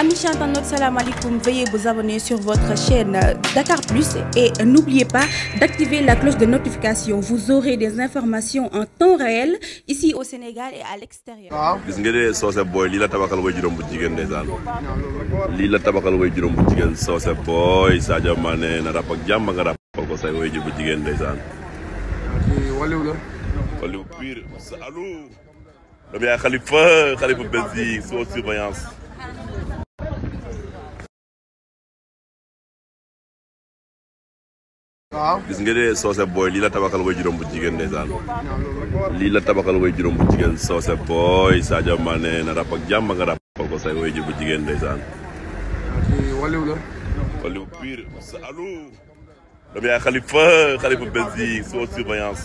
Amis internautes, salam alaikum. Veuillez vous abonner sur votre chaîne Dakar Plus et n'oubliez pas d'activer la cloche de notification. Vous aurez des informations en temps réel ici au Sénégal et à l'extérieur. gis nga la tabaxal way juróom bu jigéen ndeysaan lii la tabaxal way juróom bu jigéen soose booy Sadio Mané na rap ak nga rappal ko say way jur bu allo. waaw gis nga de soose booy lii la tabaxal way juróom bu jigéen ndeysaan lii la tabaxal way juróom bu jigéen soose booy Sadio Mané na rap ak jàmm nga rappal ko say way jur bu jigéen ndeysaan waliw la waliw pire sa allo dam yaay xalifa xalifa benzi soo surveillance